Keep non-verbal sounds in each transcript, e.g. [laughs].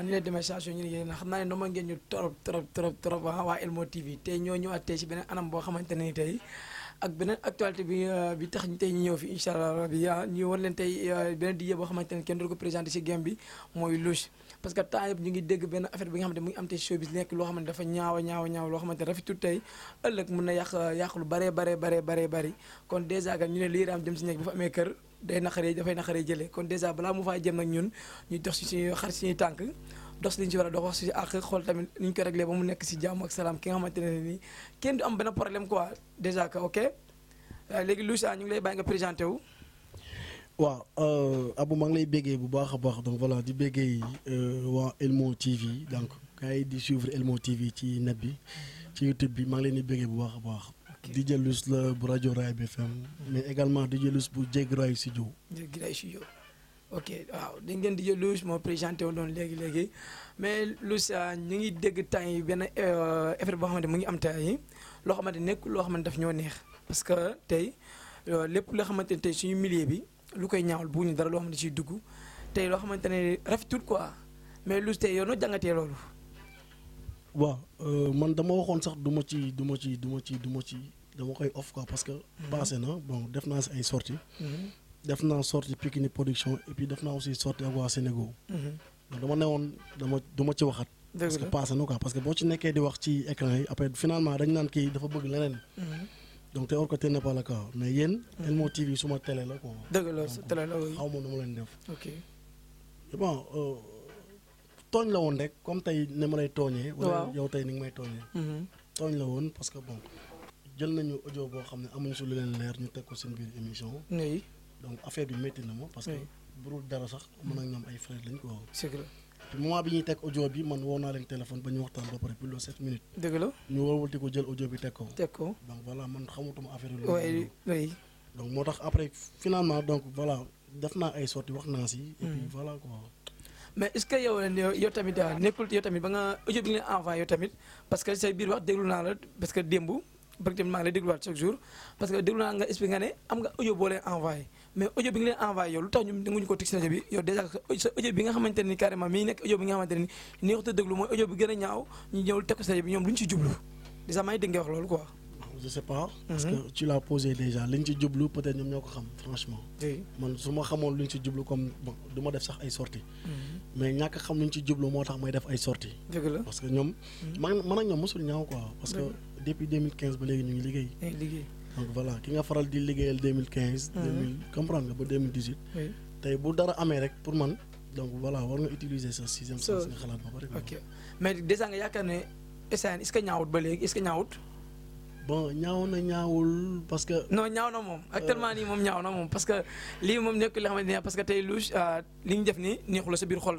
waaw ni leen démarcation ñu ne yéen xam naa ne dama ngeen ñu trop trop trop trop waa ah, waa Elmo TV tey ñoo ñëwaat tey si beneen anam boo xamante ne ni tey ak beneen actualité bi euh, bi tax ñu tey ñu ñëw fi incha allah rabi ah, leen tey euh, beneen DJ boo xamante ne kenn du si game mooy Louche parce que ñu ngi dégg benn affaire bi nga ne mu ngi am tey showbiz nekk loo xamante dafa ñaawa ñaawa ñaaw loo xamante rafetul tey ëllëg mën na yàq yàq lu baree baree baree baree bëri kon dèjà gan ñu ne lii raam jëm si nekk bu fa amee kër day naqaree dafay yi jële kon dèjà balaa mu faa jëm nag ñun ñu dox si suñu xar suñuy tànk dox si li ñu si war a dox wax si àq xool tamit ni ñu ko réglé ba mu nekk si jàmm ak salaam ki nga xamante ne nii kenn du am benn problème quoi dèjà que ok euh, léegi Louisa ñu ngi lay bàyyi nga présenté wu. waaw euh, Abou maa ngi lay béggee bu baax a baax donc voilà di béggee euh, waa Elmo TV donc gars yi di suivre Elmo TV ci net bi ci YouTube bi maa ngi leen di béggee bu baax a baax. DJ Luz bu rajo Raay bi FM mais également DJ Luz bu Jéggi Raay Studio. Jéggi Raay Studio ok waaw dañ ngeen DJ Luz moo présenté woon doon léegi léegi mais Luz ah, ñu ngi dégg temps yi benn euh, effet boo xamante mu ngi am temps yi loo xamante nekk loo xamante daf ñoo neex. parce que tey euh, lépp loo xamante ne tey suñu milieu bi lu koy ñaawal bu ñu dara loo xamante siy dugg tey loo xamante ne rafetul quoi mais Luz tey yow noo jàngatee loolu. waaw euh, man dama waxoon sax du ma ci du ma ci du ci du ma ci dama koy off quoi parce que. Mhm. na bon def naa si ay sorties. Mhm. def naa sortie Pikini production et puis def naa aussi sortie ak waa Sénégal. Mhm. dama ne dama du ci waxat. parce na quoi parce boo ci nekkee di wax ci écran yi après finalement dañ naan kii dafa bëgg leneen. donc te or que tel n'est pas mais yéen. Elmo TV suma télé la quoi. dëgg la sa télé la xaw ma nu ma leen def. tooñ la woon rek comme tey ni ma lay tooñee. wala yow tey ni may tooñee. Mm-hmm. tooñ la woon parce que bon jël nañu audio boo xam ne amuñu su lu leen leer ñu teg ko seen biir émission. oui donc affaire bi métti na ma. parce que burul dara sax mën ak ñoom ay frère lañ ko woo. bi ñuy teg audio bi man woo naa leen téléphone ba ñu waxtaan ba pare plus de sept minutes. dëgg ñu wërwul ko jël audio bi teg ko. teg ko donc voilà man xamutuma affaire yi. oui moo tax après finalement donc voilà def naa ay sorti wax naa si. et puis mm-hmm. mais est-ce que yow yow tamit ah, nekkul yow tamit ba nga audio bi nga leen envoyé yow tamit parce que say biir wax déglu naa la parce que démb bëgg tamit maa ngi lay dégluwaat chaque jour parce que déglu naa nga leen envoyé mais audio bi nga leen envoyé yow lu tax ñun nanguñu ko bi nga xamante ni carrément mi ngi nekk bi nga xamante ni neexut a déglu mooy audio bi gën a ñaaw ñu ñëwul teg ko si rajo bi ñoom lu ñu si jublu dèjà maa ngi wax loolu quoi je sais pas. parce mhm. que tu l'as posé déjà liñ ci jublu peut-être ñoom ñoo ko xam franchement. man su ma xamoon luñ ci jublu comme bon def sax ay sorties. Mhm. mais ñàkk xam luñ ci jublu moo tax may def ay sorties. dëgg la parce que ñoom. Mhm. man man ñoom mosul ñaaw quoi. parce que depuis ba léegi ñu ngi liggéey. donc voilà ki nga faral di liggéeyal 2015. 2000 comprendre nga ba 2018. tey bu dara amee rek pour man. donc voilà war nga bon ñaaw na ñaawul parce que. non ñaaw na moom actuellement nii moom ñaaw na moom parce que lii moom nekkul li xamante ne parce que tey Louga euh, li ñu def nii neexul la biir xol.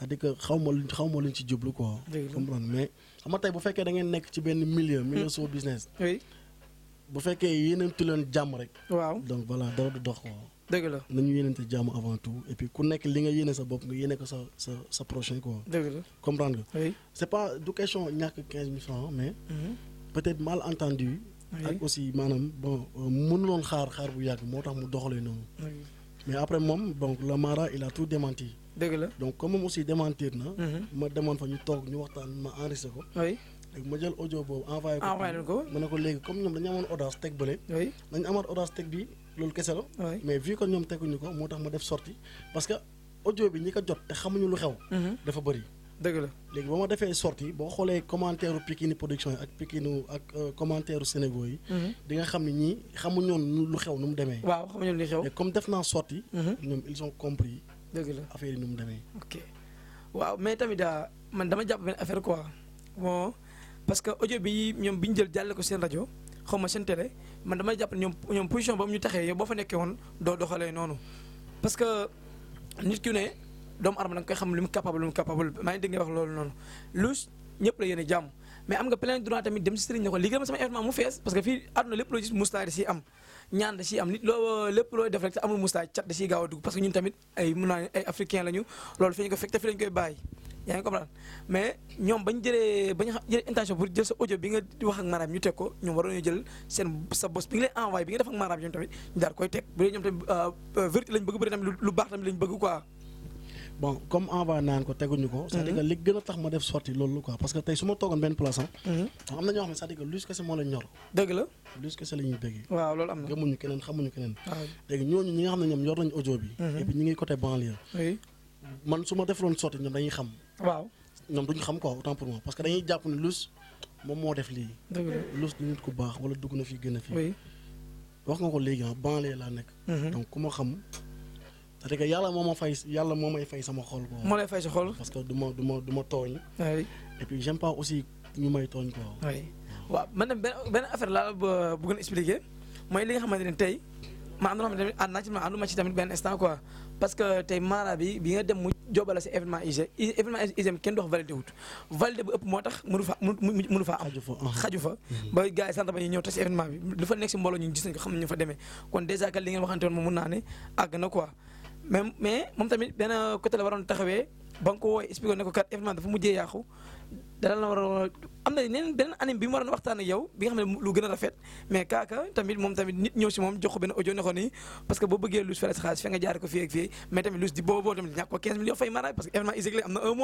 c'est-à-dire que xaw ma luñ xaw ma luñ ci jublu quoi. comprendre mais xam nga bu fekkee da ngeen nekk ci benn milieu. milieu hmm. soo business. oui bu fekkee yéeneentu leen jàmm rek. waaw donc voilà dara du dox quoi. dëgg la nañu yéeneente jàmm avant tout et puis ku nekk li nga yéene sa bopp nga yéene ko sa sa sa prochain quoi. dëgg la comprendre c'est pas du question ñàkk quinze mille francs mais. Hmm. peut-être mal entendu. ak aussi maanaam bon euh, loon xaar xaar bu yàgg moo tax mu doxalee noonu. mai après moom donc le Mara il a tout démenti. dëgg la donc comme moom aussi démentir na. Mhm. ma demoon fa ñu toog ñu waxtaan ma enregistré ko. oui léegi ma jël audio boobu envoyé ko. envoyé leen ko ma ne ko léegi comme ñoom dañu amoon audace teg bële. oui dañu amaat audace teg bi loolu kese la. mais teguñu ko moo tax ma def sortie parce que audio bi ñi ko jot te xamuñu lu xew. Mhm. dafa bëri. dëgg la léegi ba ma defee sortie boo xoolee commentaire Pikini production yi ak Pikini ak euh, commentaire u yi. Mhm. di xam ne ñii xamuñu lu xew nu mu demee. waaw xamuñu lu xew comme def naa sortie ñoom ils dëgg la affaire yi nu mu demee. ok waaw mais tamit ah, man dama jàpp benn affaire quoi bon parce que audio bi ñoom bi ñu jël jàlle ko seen rajo xaw ma seen télé man dama jàpp ñoom ñoom position boobu ñu taxee boo fa nekkee woon doo doxalee noonu parce que nit ki ne doomu aadama da koy xam lu mu capable lu mu capable maa ngi dégg nga wax loolu noonu lu ñëpp la yéene jàmm. mais am nga plein droit tamit dem si sëriñ ne ko liggéey ma sama événement mu fees parce que fii àdduna lépp loo gis mustaay da siy am ñaan da siy am euh, lépp loo def amul mustaay cat da siy gaaw a dugg parce que ñun tamit ay mun naa ay africain lañu loolu fi ko fekk te fi lañ koy bàyyi bi nga wax ak maaraam ñu ko ñoom waroon ñu jël seen sa bos bi nga leen envoyé bi nga def ak maaraam tamit ñu daal koy teg bu dee ñoom tamit euh, euh, vérité lañ bëgg bu dee baax tamit lañ bëgg quoi bon comme envoyé naan ko teguñu ko. Mhm. cest à gën a tax ma def sorti loolu quoi mhm. am. na ñoo xam ne c'est-à-dire que luus kese moo leen ñor. dëgg waaw loolu am na gëmuñu keneen xamuñu keneen. Ah léegi ñooñu ñi nga xam ne ñoom yor nañu audio bi. Mhm. ñu ngi côté banlieue. man su ma defloon sorti ñoom dañuy xam. waaw ñoom duñu xam quoi autant pour moi parce que dañuy jàpp ne luus moom moo def lii. luus du nit ku baax wala dugg na fii gën a fii. wax nga ko léegi ah banlieue c'est que yàlla moo ma fay yàlla moo may fay sama xol. moo lay fay sa xol. parce que du ma du ma tooñ. oui et aussi ñu may tooñ ko oui waaw man de benn benn affaire laa la bëggoon mooy li nga xamante ne tey ma am na loo xamante ne ma ci tamit benn instant parce que tey mara bi bi nga dem mu jobala si événement ISEM événement ISEM kenn dox validé wut moo tax mënu fa mënu faa am xaju fa uh-huh. mm-hmm. ba gars yi ba ñu ñëw tas événement fa nekk si mbooloo ñu gis nañ ko xam nañ ñu fa demee kon dèjà que li ngeen waxante woon moom mun naa ne àgg na quoi mais mais moom tamit benn côté waroon taxawee ba nga ko woowee expliqué ne ko dafa mujjee yàqu dana la war a am na yeneen beneen anime bi mu waxtaan ak yow bi xam ne lu gën a rafet mais kaaka tamit moom tamit nit ñëw si moom jox ko benn audio ne ko nii parce que boo bëggee luus fere si xaalis fi nga jaar ko fii ak mais tamit luus di boobu tamit ñàkk ko 15 millions fay maraay parce que événement ISEG la am na un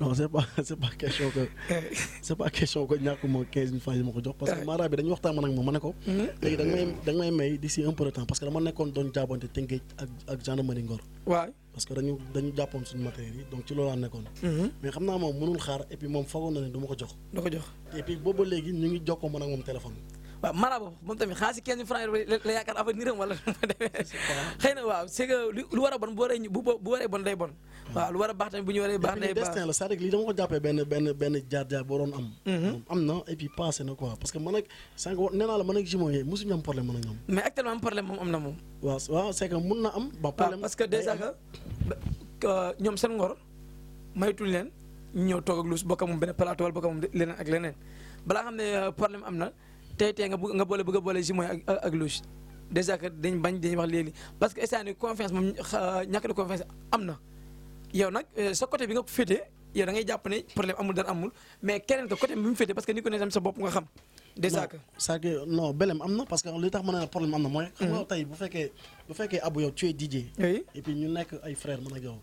non c'est pas [laughs] c'est pas question que c'est pas question que ñàkkuma quinze mille francs ma ko jox parce que mara bi dañu waxtaan man ak moom ma ne ko hmm? léegi da may da may may d'ici un peu parce que dama nekkoon doon jaabante Tëngéej ak ak gendarmerie Ngor waaw parce que dañu jàppoon suñu matériel donc ci loolu nekkoon hmm? mais xam naa moom mënul xaar et moom fagoon na ne du ko jox du ko jox léegi ñu ngi jokkoo man ak moom téléphone waaw marabu moom tamit xaalis si 15000F la yaakaar avenir am wala xëy na waaw c'est que lu war a bon bu waree bu bu waree bon day bon. Hmm. waaw lu war a baax tamit bu ñu waree baax day baax destin la c'est-à-dire lii dama ko jàppee benn benn benn jaar-jaar boo doon am. Hmm. am na et puis passé na quoi parce que man ak sànq nee naa la man ak jumeau yooyu mosuñu am problème man ak ñoom. mais actuellement problème moom am na moom. waaw waaw c'est que mun na am. ba problème parce que déjà que ñoom seen ngor maytuñ leen ñu ñëw toog ak luus bokk ak moom benn plateau wala bokk ak moom leneen ak leneen balaa xam ne euh, problème am na. tey tey nga bëgg nga boole bëgg a boole jus mooy ak ak luge dèjà dañ bañ dañ wax léegi parce que instant ni confiance moom ñàkk na confiance am na yow nag euh, sa côté bi nga féetee yow da ngay jàpp ne problème amul dara amul mais keneen ko côté bi mu féetee parce que ni ko ne tam bopp nga xam. dèjà que c'est que non belem am na parce que li tax ma ne la problème am na mooy. xam nga mhm. tey bu fekkee bu fekkee Abou yow tu es et puis ñu nekk ay frères man ak yow.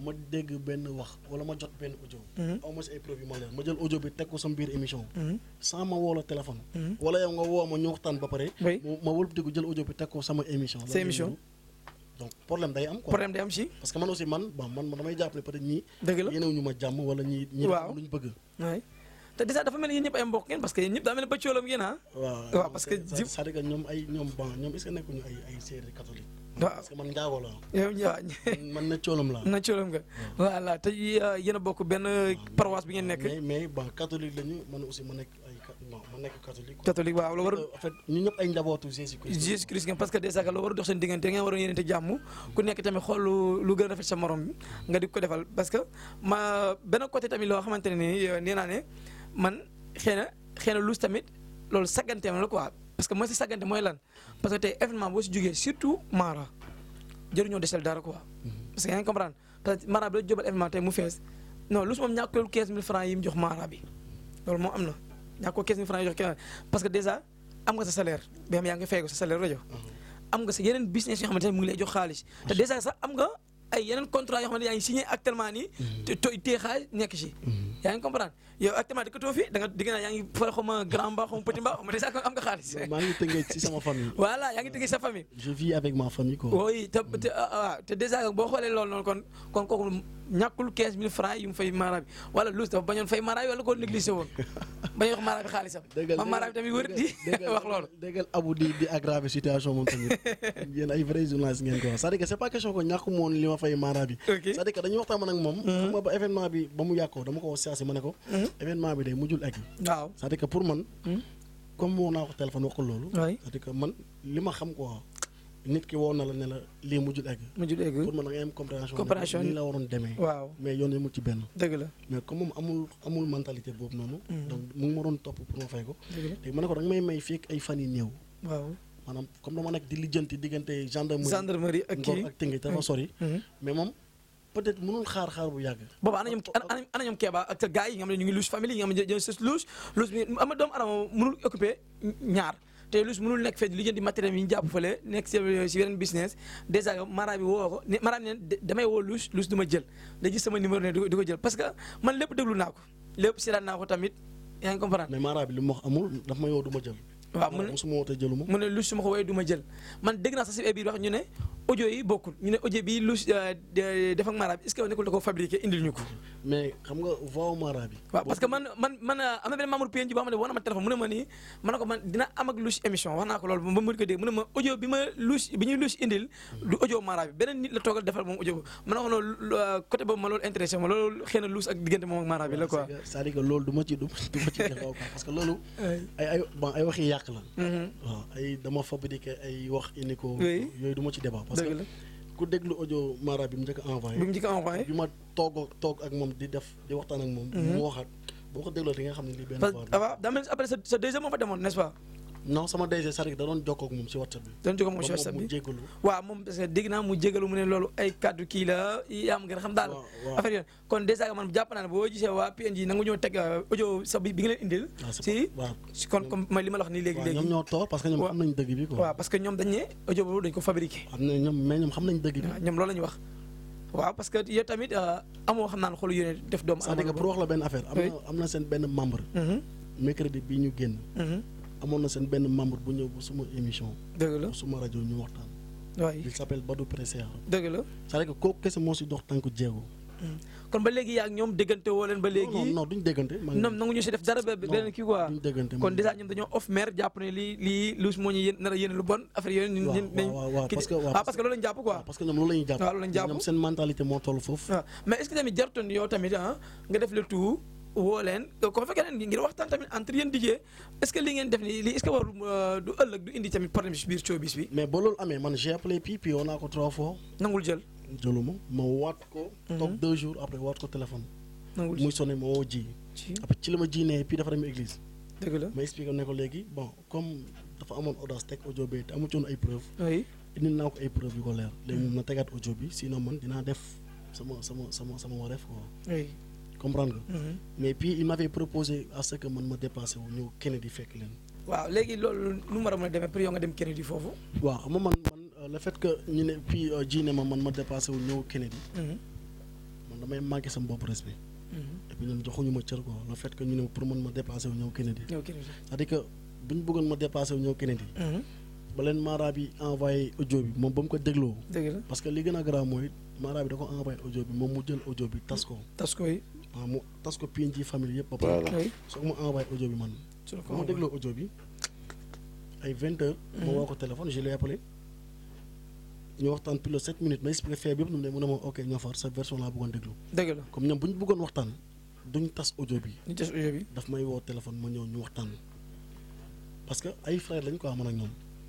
ma dégg benn wax wala ma jot benn audio. Mhm. aw ma si ay preuve yu ma leer ma jël audio bi teg ko sa mbir émission. Mhm. sans ma woo la téléphone. Mhm. wala ba pare. ma wëlbatiku bi teg ko sa émission donc problème day am quoi problème day am si. parce que man aussi man bon man damay jàpp ne peut être ñii. dëgg la te dèjà dafa mel ni yéen ñëpp ay mbokk ngeen parce que yéen ñëpp daa mel ah. ay man njaago la la na nga voilà te euh, bokk benn paroisse bi ngeen nekk mais mais bon catholique lañu man ma nekk ay bon ma nekk war en fait njabootu Jésus Christ nga parce que déjà la war dox seen diggante ngeen waroon yéenante jàmm ku nekk tamit xool lu gën a rafet sa morom nga di ko defal parce que ma benn côté tamit loo xamante ne nii euh, nee naa man xëy na xëy na luus tamit loolu sagganteem la quoi parce que mooy si saggante mooy lan parce que tey événement boo si jógee surtout Mara jëriñoo desal dara quoi. Mm-hmm. parce que yaa ngi comprendre parce que Mara bi la jubal événement tey mu fees non luus moom ñàkkul 15000F yi mu jox Mara bi loolu moom am na ñàkkul 15000F yi jox keneen parce que dèjà am nga sa salaire ba xam yaa ngi fay ko sa salaire rajo. Mm-hmm. am nga sa yeneen business yoo xamante ne mu ngi lay jox xaalis te mm-hmm. dèjà sax am nga ay yeneen contrat yoo xamante ne yaa ngi signé actuellement nii. te tooy téye xaalis nekk ci. yaa ngi comprendre. yow actuellement dëkkatoo fi da nga digg naa yaa ngi fara xaw ma grand mbaa xaw ma petit mbaa ma tey sax am nga xaalis. maa ngi tënkee ci sama famille. [laughs] voilà yaa ngi tënkee sa famille. Ah, ah, yu mu fay mara bi wala luus [laughs] [laughs] dañuy waxtaan man ak moom. Mhm. xam nga ba événement bi ba mu yàqoo dama ko seetsi ma ne ko mhm. Hmm? événement bi day mujjul egg. waaw c'est-à-dire que pour man. Hmm? comme woo naa wax téléphone loolu. waay c'est-à-dire man li ma xam quoi. nit ki woo na la ne lii mujjul egg. pour man da ngay am compréhension. nii la waroon demee. mais yoon yi mu ci benn. dëgg la mais comme moom amul amul mentalité boobu noonu. Hmm. mu ngi ma doon topp pour ma fay ko. dëgg la léegi ma ne ko da nga may may fii ay fan yu néew. waaw maanaam comme dama nekk di lijjanti diggante gendarmerie. gendarmerie ak peut-être mënul xaar xaar bu yàgg. booba ana ñoom ana ñoom Kéba ak yi nga xam ne ñu ngi luus famille yi nga xam ne doomu aadama mënul occupé ñaar te luus mënul nekk fee li jënd matériel yi ñu euh, ne mara ma jël sama numéro ne du ko jël parce que man lépp déglu naa ko lépp seetaan naa ko tamit yaa ngi comprendre. mais mara bi li mu wax amul daf ma yow jël. waaw mu ne mosuma wootee jëluma mu ne luus su ma ko woowee du jël man dégg naa sax si biir wax ñu ne audio yi bokkul ñu ne audio bi lu euh, def ak est-ce que nekkul da ko fabriqué indil ñu ko. mais xam nga voix maraab yi. parce que man man man euh, am na benn membre PNJ boo xam ne war na ma bi ma louche bi ñuy louche indil. du audio maraab bi beneen nit la noonu euh, loolu intéressé la quoi. c'est-à-dire que ci du ci defoo quoi parce que ku déglu audio Mara bi mu njëkk a envoyé. bi mu njëkk a envoyé. bi ma toog toog ak moom di def di waxtaan ak moom. Mhm. mu waxaat boo ko dégloo di nga xam ne lii benn. parce que après sa sa deuxième moo fa demoon n'est-ce non sama DG Sadik da doon jokkoo ak moom si WhatsApp bi. doon jokkoo ak moom si WhatsApp bi waaw moom parce que dégg naa mu jégalu mu ne loolu ay kaddu kii la yaa ma gën a xam daal. affaire yoon kon dèjà man jàpp naa ne boo gisee waa PNG nangu ñoo teg euh, audio sa bi bi nga leen indil. Ah, si si kon comme li ma la wax nii léegi léegi. waaw ñoom ñoo toog parce que ñoom xam nañ dëgg bi quoi. waaw parce que ñoom dañ ne audio boobu dañ ko fabriqué. am na ñoom mais ñoom xam nañ dëgg bi. Ah, ñoom loolu la ñu wax. waaw parce que yow tamit euh, amoo xam naan xoolu yéene def doomu. c'est-à-dire pour wax la benn affaire am na am na seen benn membre. Mhm. mercredi bi ñu génn mhm. amoon na seen benn membre bu ñëw bu suma émission. dëgg suma rajo ñu waxtaan. waay il s'appelle Badou Pressé. kese moo si dox tànku jéego. Hmm. kon ba léegi yaa ak ñoom woo leen ba léegi non duñ déggante ñoom nangu ñu si def dara benn kii quoi duñ déggante kon parce que loolu lañ jàpp quoi parce que ñoom loolu lañu jàpp waaw seen mentalité moo toll foofu ah, mais est que tamit jartoon yow tamit ah, nga def le tout woo leen convoqué leen ngir waxtaan tamit entre yéen liggéey est ce que li ngeen def nii lii est ce que waru euh, du ëllëg du indi tamit problème si biir coobis bi. mais ba loolu amee man j'ai appelé puis puis woo naa ko trois fois. nangul jël. jëluma ma waat ko. Mhm. toog deux jours après waat ko téléphone. nangul jël muy sonné ma woo ji. après ci la ma ji nee puis dafa dem église. dëgg la ma expliqué ne ko léegi bon comme dafa amoon audace teg audio bi te amu ci ay preuve oui indi naa ko ay preuve yu ko leer. léegi moom na tegaat audio bi sinon man dinaa def sama sama sama sama wareef quoi. comprendre nga. Mhm. mais puis il m'avait proposé à ce que man ma dépassé wu ñëw Kennedy fekk leen. waaw léegi loolu nu mu war a mën a demee pour yow nga dem Kennedy foofu. waaw xam man man euh, le fait que ñu ne puis euh, ji ne ma man ma dépassé wu ñëw Kennedy. Mhm. man damay manqué mhm. que ñu bëggoon ma dépassé ñëw Kennedy. ba leen maaraab envoyé audio bi moom ba mu ko dégloo. parce que li gën a grave mooy. mara bi da ko envoyé audio bi moom mu jël audio bi tas ko. tas ko yi. waaw mu tas ko PNJ famille yëpp. ba pare soo ko mu envoyé audio bi man. su ko mu dégloo audio bi ay vingt heures. ma mhm. woo ko téléphone je l'ai appelé. ñu waxtaan plus de sept minutes ma expliqué fee bi yëpp ñu ne mu ne ma ok ñoo sa version laa bëggoon déglu. comme ñoom bu ñu bëggoon waxtaan duñ tas audio bi. ñu tas audio bi daf may woo téléphone ma ñëw ñu waxtaan parce que ay frère lañ quoi man ak ñoom.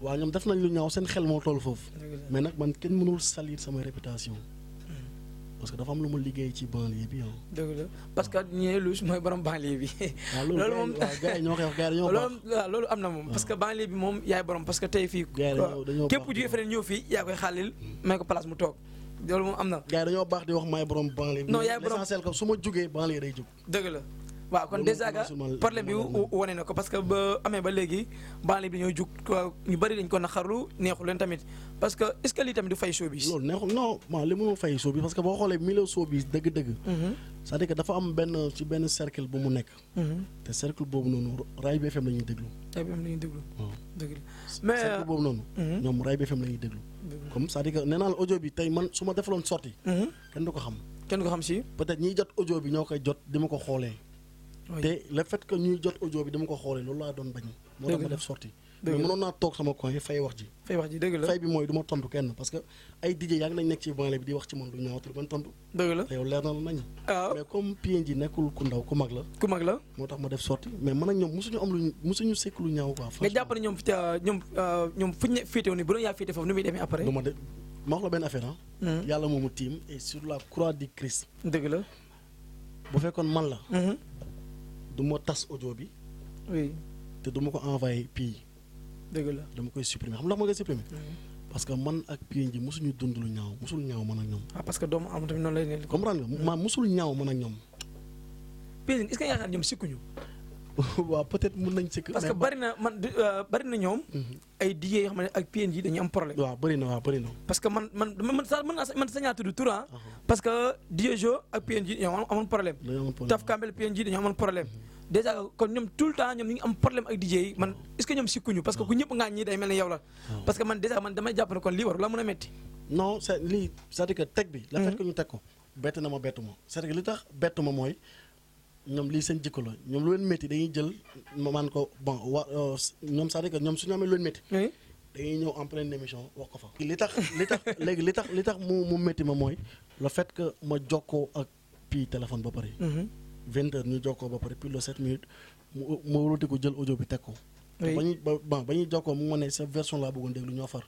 waaw ñoom def nañ lu ñaaw seen xel moo tool foofu. mais nag man kenn mënul salir sama réputation. parce que dafa am lu mu liggéey ci banlieue bi yow. dëgg la parce que ñee louche mooy borom banlieue bi. loolu moom gars yi ñoo koy loolu am na moom. parce que banlieue bi moom yaay borom parce que tey fii. gars yi képp ñëw fii yaa koy xaalil hmm. may ko place mu toog. loolu moom am na. gars dañoo baax di wax may borom banlieue bi. non yaay borom su ma jógee banlieue day jug. la. waaw kon dèjà ga problème bi wane na ko parce que ba amee ba léegi banlieue bi ñooy jug ñu bëri dañ ko naqarlu neexu leen tamit parce que est ce que lii tamit du fay showbiz loolu neexul non man li mënul fay showbiz parce que boo xoolee milieu showbiz dëgg-dëgg mhm. à dafa am benn ci benn cercle bu mu nekk mhm. te cercle boobu noonu Rail bi FM la ñuy déglu Rail bi mhm. comme cest à nee naa la audio bi tey man su ma defaloon sorti kenn du ko xam kenn te le fait que ñuy jot audio bi dama ko xoolee loolu laa doon bañ. moo tax ma def sorti mais mënoon naa toog sama coin fay wax ji. fay wax ji dëgg la fay bi que ay DJ yaa ngi nañ nekk ci ah. ku mag la. ku mag la moo tax ma def sorti mais man ñoom mosuñu am lu mosuñu sekk lu ñaaw quoi. franchement nga jàpp ne ñoom euh, ñoom euh, ñoom fuñ ma de ma wax la benn affaire ah. hmm. la croix du Christ. man la. Hmm. du ma tas audio bi. oui te du ma ko envoyé Pi. dëgg la dama koy supprimer xam nga ma koy supprimer. parce que man ak Pi ji mosuñu dund lu ñaaw mosul ñaaw man ak ñoom. ah parce que doomu am tamit noonu lay ne. comprendre nga ma mosul ñaaw man ak ñoom. Pi est-ce yoo xam ne ak PNJ dañuy am problème. waaw bari na man man man sa man sa ñaata du tur ah. Ah. parce que DJ Jo ak PNJ dañoo amoon problème. dañoo amoon problème Taf Kambel PNJ dañoo amoon problème. Mhm. dèjà kon ñoom tout le temps ñoom ñu ngi am problème ak DJ yi man est ce que ñoom sikkuñu parce que ku ñëpp ngaa ñii day mel ni la hmm. parce que man dèjà man damay jàpp kon lii waru la mën a métti non c'est lii cest que teg bi la hmm. fait que ñu teg ko bett na ma bettu ma c'est-à-dire que li tax ma mooy ñoom lii seen jikko la ñoom lu leen métti dañuy jël man ko bon wa euh, ñoom c'est-à-dire que ñoom suñu amee lu leen métti ñëw en émission wax ko fa li tax li tax [laughs] léegi li tax li tax mu mu métti ma mooy le fait que ma jokkoo ak pii téléphone ba pare hmm. vingt heures ñu jokkoo ba pare pile de sept minutes mu ma ko jël ojo bi teg ko. ba ñuy ba ba ñuy jokkoo mu ma ne sa version laa bëggoon lu ñoo far.